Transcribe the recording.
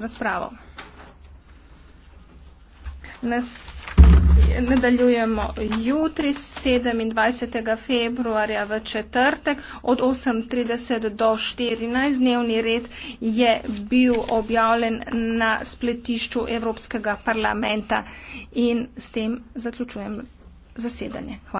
razpravo. Nas, nadaljujemo jutri 27. februarja v četrtek od 8.30 do 14. Dnevni red je bil objavljen na spletišču Evropskega parlamenta in s tem zaključujem zasedanje. Hvala.